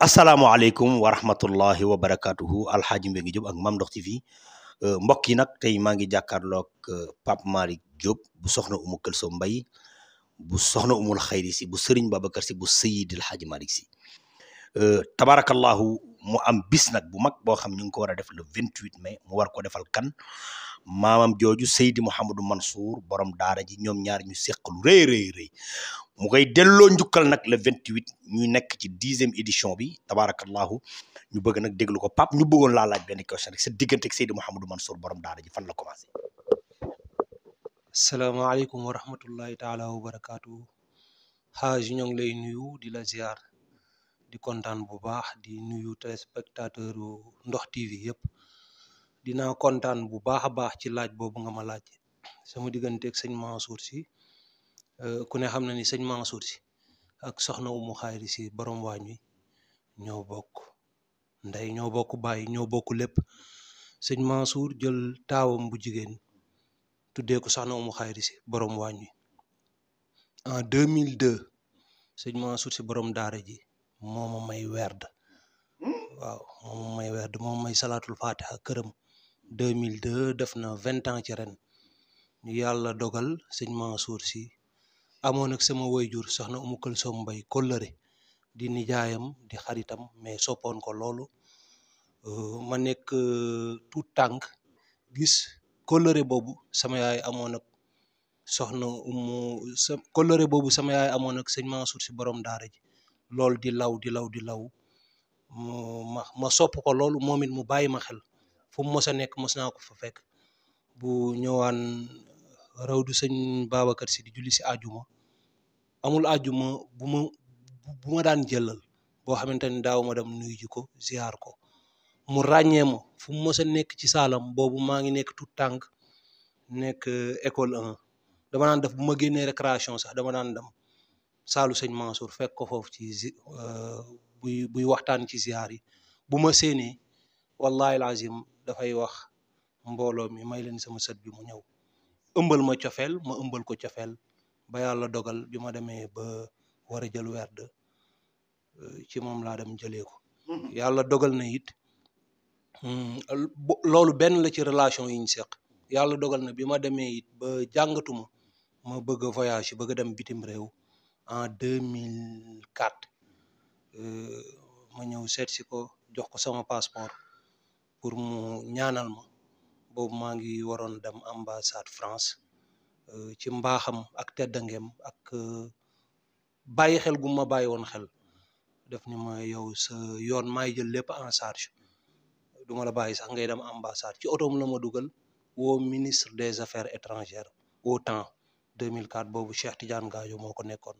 asalaamaaleykum wa rahmatullahi wa barakaatuhu alxaaji Mbengue Diop ak Mame Ndokh TV euh, mbokk yi nag tey maa ngi jàkkaarloog euh, Pape Malick Diop bu soxna umu Këlso Mbay bu soxna umul xayri si bu Serigne Babacar si bu Seyyidil Xaaji Malick si euh, tabarakallahu mu am bis nag bu mag boo xam ñu ngi ko war a def le 28 mai mu war ko defal kan maamam jooju Seydi Mouhamadou Mansour borom daara ji ñoom ñaar ñu seq lu rëy mu koy delloo njukkal nag le 28 ñuy nekk ci dixième édition bi tabaarakallahu ñu bëgg nag déglu ko Pape ñu bëggoon laa laaj benn question rek sa diggante ak Seydi Mouhamadou Mansour borom daara ji fan la commencé. salaamaaleykum wa rahmatullahi taala wa barakaatu. xaaj ñoo ngi lay nuyu di la ziar di kontaan bu baax di nuyu téléspectateur Ndox TV yëpp dinaa kontaan bu baax a baax ci laaj boobu nga ma laaj sama digganteeg sëñ Mansour si euh, ku ne xam na ni sëñ Mansour si ak soxna Umu Xayri si borom waañ wi ñoo bokk ndey ñoo bokk baay ñoo bokk lépp sëñ suur jël taawam bu jigéen tuddee ko soxna Umu Xayri si borom waañ wi en 2002 sëñ Mansour si borom daara ji moo may werd hmm? waaw moo ma may werd moo ma may salaatul këram 2002 def na vingt ans ci ren ñu yàlla dogal sëñ Mansour si amoon ak sama woyjur soxna Umu Këlsoom Mbay kóllëre di nijaayam di xaritam mais soppoon ko loolu euh, ma nekk euh, tout tànk gis kóllëre boobu sama yaay amoon ak soxna Umu sa boobu sama yaay amoon ak sëñ Mansour si borom daara ji loolu di law di law di law ma ma sopp ko loolu moom it mu bàyyi ma xel fu mu mos a nekk mos naa ko fa fekk bu ñëwaan rawdu sëñ Babacar si di julli si ajuma amul ajuma bu ma bu ma daan jëlal boo xamante ni daaw ma dem nuyu ko ziar ko mu ràññee ma fu mu mos nekk ci saalam boobu maa ngi nekk tout tànk nekk eh, école 1 dama daan def bu ma génnee récréation sax dama daan dem saalu sëñ Mansour fekk ko foofu ci euh, buy buy waxtaan ci ziar yi wallahi alazim dafay wax mbooloo mi may leen sama sët bi mu ñëw ëmbal ma cofeel ma ëmbal ko cofeel ba yàlla dogal bi ma demee ba war a jël werd euh, ci moom laa dem jëlee ko mhm. yàlla dogal na it hmm, loolu benn la ci relation yiñ ñu seq yàlla dogal na bi ma demee it ba jàngatuma ma bëgg a voyage bëgg dem bitim réew en 2004 euh, ma ñëw seet si ko jox ko sama passeport pour mu ñaanal ma boobu maa ngi waroon dem ambassade France euh, ci mbaaxam ak teddangeem ak euh, bàyyi xel gu ma bàyyi woon xel def ni ma yow sa yoon maay jël lépp en charge duma la bàyyi sax ngay dem ambassade ci otom la ma dugal woo ministre des affaires étrangères au temps 2004 boobu Cheikh Tidiane Gadio moo ko nekkoon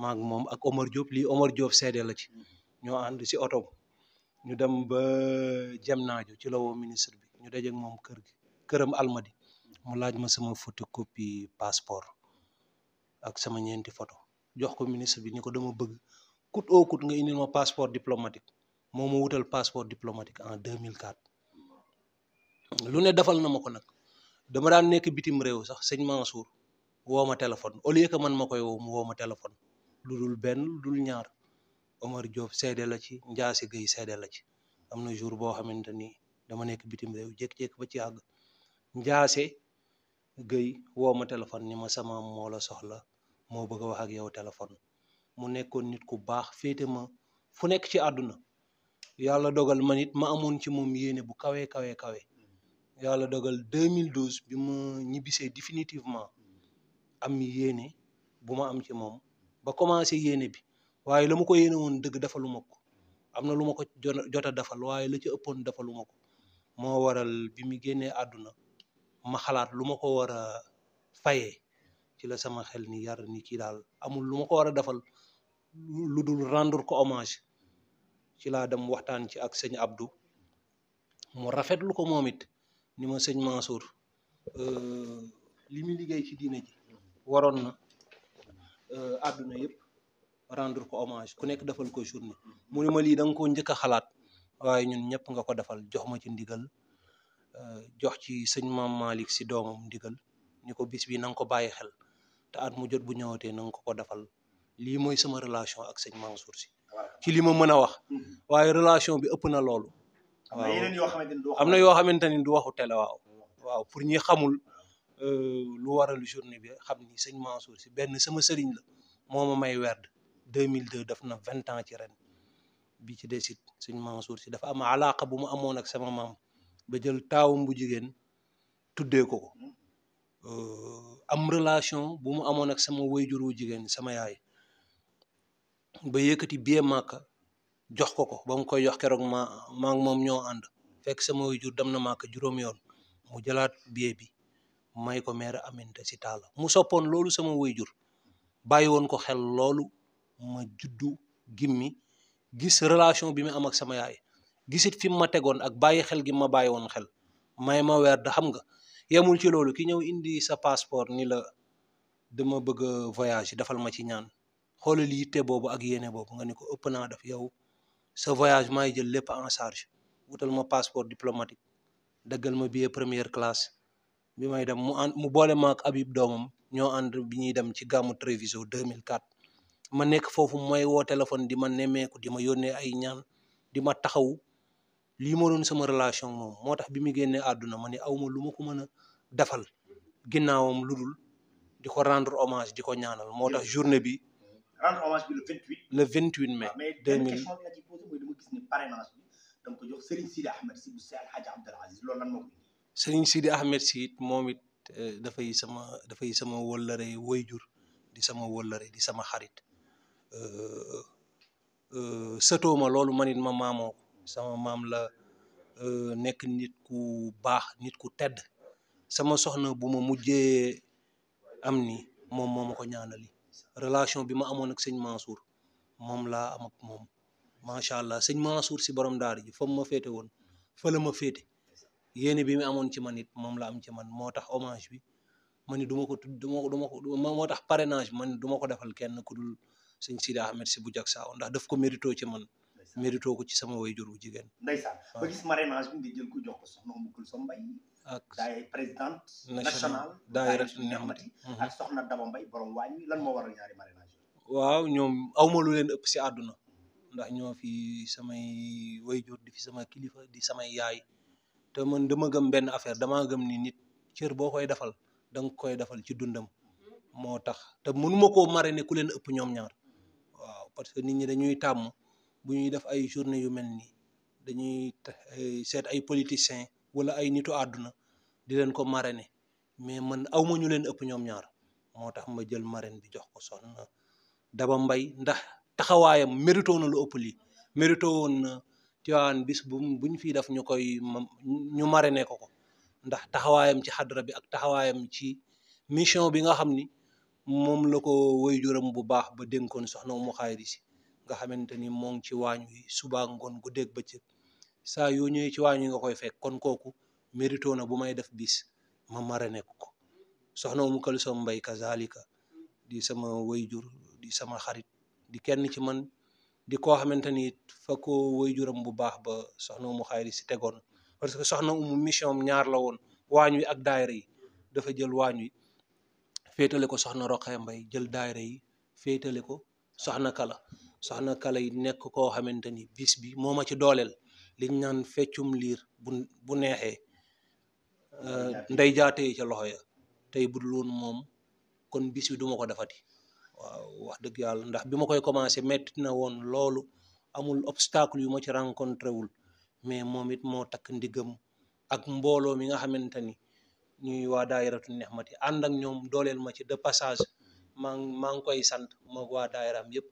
maag moom ak Omar Diop lii Omar Diop sede la ci ñoo ànd si otoom ñu dem ba jëm naajo ci la ministre bi ñu dajeeg moom kër gi këram almadi mu laaj ma sama photocopie passeport ak sama ñeenti photo jox ko ministre bi ñu ko dama bëgg kut oo kut nga indil ma passeport diplomatique moo ma wutal passeport diplomatique en 2004 lu ne defal na ma ko nag dama daan nekk bitim réew sax sëñ Mansour woo ma téléphone au lieu que man ma koy woo mu woo ma téléphone lu dul benn lu dul ñaar Omar Diop seede la ci Ndiassy Guèye seede la ci am na jour boo xamante ni dama nekk bitim réew jékki-jékki ba ci àgg Ndiassy Guèye woo ma téléphone ni ma sama moo soxla moo bëgg a wax ak yow téléphone mu nekkoon nit ku baax féete ma fu nekk ci àdduna yàlla dogal ma it ma amoon ci moom yéene bu kawe kawe kawe yàlla dogal 2012 bi ma ñibbisee définitivement am yéene bu ma am ci moom ba commencé yéene bi waaye la ma ko yéene woon dëgg dafa lu ma ko am na lu ma ko jot a defal waaye la ci ëppoon dafa lu ma ko moo waral bi mu génnee àdduna ma xalaat lu ma ko war a fayee ci la sama xel ni yar ni kii daal amul lu ma ko war a defal lu dul rendre ko hommage ci laa dem waxtaan ci ak sëñ abdu mu rafetlu ko moom it ni ma sëñ Mansour euh, li mu liggéey ci diine ji waroon na euh, àdduna yëpp rendre ko hommage ku nekk defal ko journée mu ma lii da nga koo njëkk a xalaat waaye ñun ñëpp nga ko defal jox ma ci ndigal euh, jox ci sëñ maam Malick si doomam ndigal ni ko bis bi na ko bàyyi xel te at mu jot bu ñëwatee na nga ko ko defal lii mooy sama relation ak sëñ Mansour si ci li ma mën a wax waaye relation bi ëpp na loolu waaw am na yoo xamante ni du waxu télé waaw waaw pour ñi xamul euh, lu waral journée bi xam ni sëñ Mansour si benn sama sëriñ la moo may werd 2002 def na vingt ans ci ren bi ci des it sëñ Mansour si dafa am alaaka bu mu amoon ak sama maam ba jël taawum bu jigéen tuddee ko ko euh, am relation bu mu amoon ak sama wayjur wu jigéen sama yaay ba yëkkati bie màkka jox ko ko ba koy jox keroog ma maa moom ñoo ànd fekk sama wayjur dem na màkka juróom yoon mu jëlaat bie bi may ko mère Aminta si taala mu soppoon loolu sama wayjur bàyyi woon ko xel loolu ma juddu gimmi gis relation bi mu am ak sama yaay gisit fi mu ma tegoon ak bàyyi xel gi ma bàyyi woon xel may ma weer da xam nga yemul ci loolu ki ñëw indi sa passeport ni la dama bëgg voyage dafal ma ci ñaan xoolal yitte boobu ak yéene boobu nga ni ko ëpp naa def yow sa voyage maay jël lépp en charge wutal ma passeport diplomatique daggal ma billet première classe bi may dem mu ànd mu boole maak Habib doomam ñoo ànd bi ñuy dem ci gàmmu Treviso 2004 ma nekk foofu may woo téléphone di ma nemmeeku di ma yónnee ay ñaan di ma taxaw lii ma doon sama relation moom moo tax bi mu génnee àdduna ma ne awma lu ma ko mën a defal ginnaawam lu dul di ko rendre hommage di ko ñaanal moo tax journée bi. rendre hommage bi le 28. le 28 mai. 2000 ah, dama ko jox Serigne Sidi Ahmed si it moom it eh, dafay sama dafay sama wëllëre wayjur di sama wëllëre di sama xarit Euh, euh, sëtoo ma loolu manit ma maamoo sama maam la euh, nekk nit ku baax nit ku tedd sama soxna bu ma mujjee am ni moom moo ma ko ñaanali relation bi ma amoon ak sëñ Mansour moom laa am ak moom macha allah sëñ Mansour si borom daara ji fa ma féete woon fa ma féete yéene bi mu amoon ci man it moom la am ci man moo tax hommage bi ma ni du ma ko du ma ko ma moo tax parrainage bi duma ko defal kenn ku dul sëñ Sidi Ahmed si bu jag saaw ndax daf ko mérito ci man mérito ko ci sama wayjur wu jigéen ndeysaan ba gis marrainage bi nga jël ko jox ko soxna Mbukul sa ak daay présidente nationale daayira Nexmati ak soxna Daba Mbay waañ lan moo waral ñaari marrainage waaw ñoom awma lu leen ëpp si àdduna ndax ñoo fi samay wayjur di fi sama kilifa di samay yaay te man dama gëm benn affaire dama gëm ni nit cër boo koy defal dang koy defal ci dundam moo tax te mënuma koo marrainer ku leen ëpp ñoom ñaar parce que nit ñi dañuy tàmm bu ñuy def ay journée yu mel nii dañuy seet ay politiciens wala ay nitu àdduna di leen ko marrainer mais man aw ma ñu leen ëpp ñoom ñaar moo tax ma jël marraine bi jox ko Soxna Daba Mbaye ndax taxawaayam mérito na lu ëpp lii mérito woon na Tiwaawan bis bu bu ñu fiy def ñu koy ñu marrainer ko ko ndax taxawaayam ci xadra bi ak taxawaayam ci mission bi nga xam ni. moom la ko waajuram bu baax ba dénkoon soxna Umu Xayri si nga xamante ni moo ngi ci waañ wi subaa ngoon ba bëccëg saa yoo ñëwee ci waañ wi nga koy fekk kon kooku mérito na bu may def bis ma mara nekk ko soxna Umu Kalsum Mbay kazalika di sama waajur di sama xarit di kenn ci man di koo xamante ni fa ko waajuram bu baax ba soxna Umu Xayri si tegoon parce que soxna Umu mission ñaar la woon waañ wi ak daayira yi dafa jël waañ wi féetale ko soxna Roqaya Mbay jël daayira yi féetale ko soxna kala soxna kala yi nekk koo xamante ni bis bi moo ma ci dooleel li naan feccum liir bu bu neexee ndey jaate yi ca loxo ya tey bu dul moom kon bis bi duma ko defati waaw wax dëgg yàlla ndax bi ma koy commencé metti na woon loolu amul obstacle yu ma ci rencontré wul mais moom moo takk ndigam ak mbooloo nga xamante ñuy waa daayiratu Nihmati ànd ak ñoom dooleel ma ci de passage maa ngi koy sant moog waa daayiraam yëpp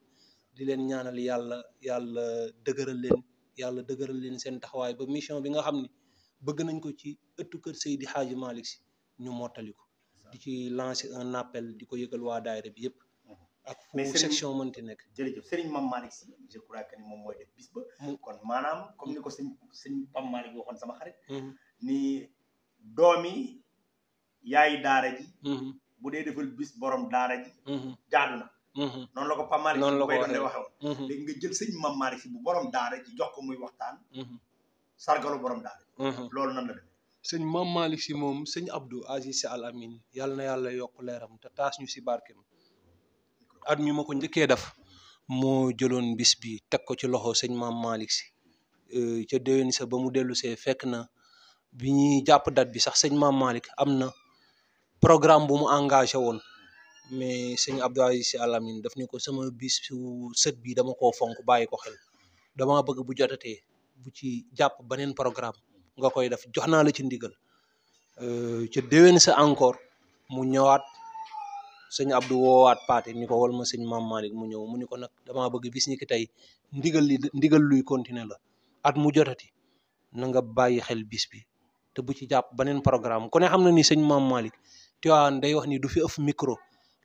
di leen ñaanal yàlla yàlla dëgëral leen yàlla dëgëral leen seen taxawaay ba mission bi nga xam ni bëgg nañ ko ci ëttu kër di Hadji Malick si ñu mottali ko di ci lancer un appel di ko yëgal waa daayira bi yëpp ak fu section mënti nekk jërëjëf Serigne Mame Malick je crois moom mooy def bis ba kon maanaam comme ni ko sëñ sëñ sama xarit mm-hmm. ni doomi yaayi daara ji mm-hmm. bu dee defal bis borom daara ji mm-hmm. jaadu na mm-hmm. noonu la ko Pape Malick noonu la bu borom daara ji jox ko muy waxtaan sargalu borom daara ji loolu nan la demee sëñ Mame Malick si moom sëñ Abdou Aziz Sy Al Amin yàlla na yàlla yokk leeram te taas ñu si barkeem at mi ma ko njëkkee def moo jëloon bis bi teg ko ci loxo sëñ Mame Malick si euh, ca déwén sa ba mu dellu see fekk na bi ñuy jàpp date bi sax sëñ Mame Malick am na programme bu mu engagé woon mais sëñ Abdou Aziz Sy Al daf ne ko sama bis su sët bi dama ko fonk bàyyi ko xel dama bëgg bu jotatee bu ci jàpp beneen programme nga koy def jox naa la ci ndigal euh, ca déwén sa encore mu ñëwaat sëñ Abdou woowaat paate ni ko wal ma sëñ Maam Malick mu ñëw mu ni ko nag damaa bëgg bis ni tey ndigal li ndigal luy continuer la at mu jotati na bàyyi xel bis bi te bu ci jàpp beneen programme ku ne xam na ni sëñ Maam Malick Tiwaawan day wax ni du fi ëf micro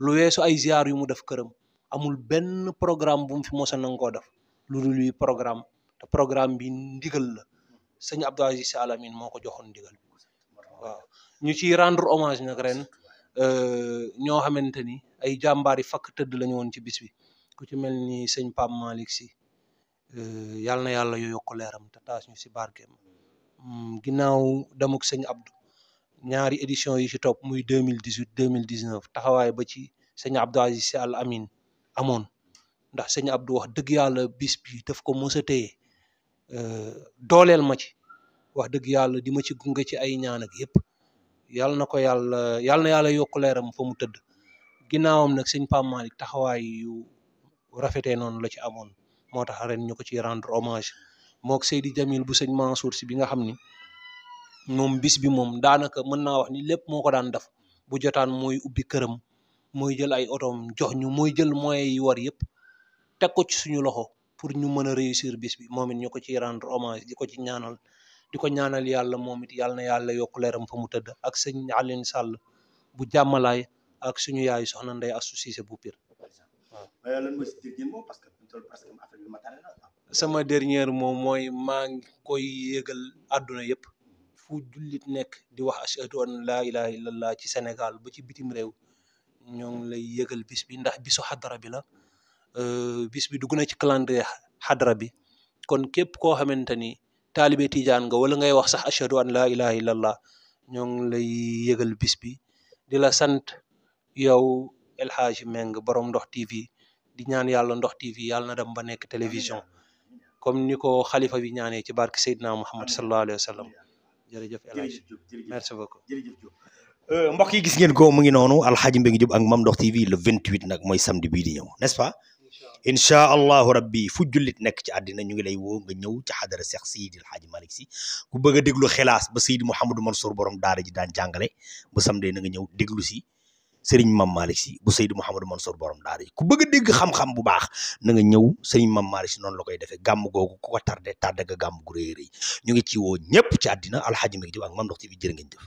lu weesu ay ziar yu mu def këram amul benn programme bu mu fi mosa nangoo def lu dul luy programme te programme bi ndigal la sëñ Abdou Aziz Sy Al moo ko joxon ndigal waaw ñu ciy rendre hommage nag ren euh, ñoo xamante ni ay jàmbaar yi fakk tëdd lañu woon ci bis bi ku ci mel ni sëñ Pape Malick Sy euh, yàlla na yàlla yo leeram te taas ñu si barkeem mm, ginnaaw demuk sëñ Abdou ñaari édition yi ci topp muy deux mille dix huit deux mille dix neuf taxawaay ba ci sëñ Abdou Aziz Sy Al Amin amoon ndax sëñ Abdou wax dëgg yàlla bis bi daf ko mos a téye euh, dooleel ma ci wax dëgg yàlla di ma ci gunge ci ay ñaan ak yëpp yàlla na ko yàlla yàlla na yàlla yokk leeram fa mu tëdd ginnaawam nag sëñ Pape Malick taxawaay yu rafetee noonu la ci amoon moo tax ren ñu ko ci rendre hommage mook Seydi Jamil bu sëñ Mansour si bi nga xam ni moom bis bi moom daanaka mën na wax ni lépp moo ko daan def bu jotaan mooy ubbi këram mooy jël ay oto otoom jox ñu mooy jël mooy yi war yëpp teg ko ci suñu loxo pour ñu mën a réussir bis bi moom it ko ciy rendre hommage di ko ci ñaanal di ko ñaanal yàlla moom it yàlla na yàlla yokk leeram fa mu tëdd ak sëñ Alioune sàll bu jàmmalaay ak suñu yaay soxna Ndey Astou Cissé bu Pire. sama dernier moom mooy maa ngi koy yégal àdduna yëpp. fu jullit nekk di wax ashhadu an laa ilaha illallah ci Sénégal ba ci bitim réew ñoo lay yëgal bis bi ndax bisu xadara bi la euh, bis bi dugg na ci calendrier xadara bi kon képp koo xamante ni taalibe tijaan nga wala ngay wax sax ashhadu an laa ilaha illallah ñoo lay yëgal bis bi di la sant yow El Hadj Meng borom Ndox TV di ñaan yàlla Ndox TV yàlla na dem ba nekk télévision comme ni ko xalifa bi ñaanee ci barke Seydina Muhammad sallallahu alayhi wa jërëjëf El Hadj merci beaucoup jërëjëf euh, gis ngeen ko mu ngi noonu alxaaji Mbengue Diop ak mam Ndokh TV le 28 nag mooy samedi bii di ñëw n'est-ce pas incha allahu rabbi fu jullit nekk ci àddina ñu ngi lay woo nga ñëw ci xadara Cheikh Seydi El Hadji Malick Sy ku bëgg a déglu xilaas ba Seydi Mouhamadou Mansour borom daara ji daan jàngale bu samedi na nga ñëw déglu si sëriñ Mame Malick si bu sey Seydou man Mansour borom daara yi ku bëgg a dégg xam bu baax na nga ñëw sëriñ Mame Malick Sy noonu la koy defee gàmm googu ku ko tardé tardé nga gàmm gu rëy rëy ñu ngi ci woo ñëpp ci àddina alxaaji mi ngi jëf ak Mame Ndokh TV jërë ngeen jëf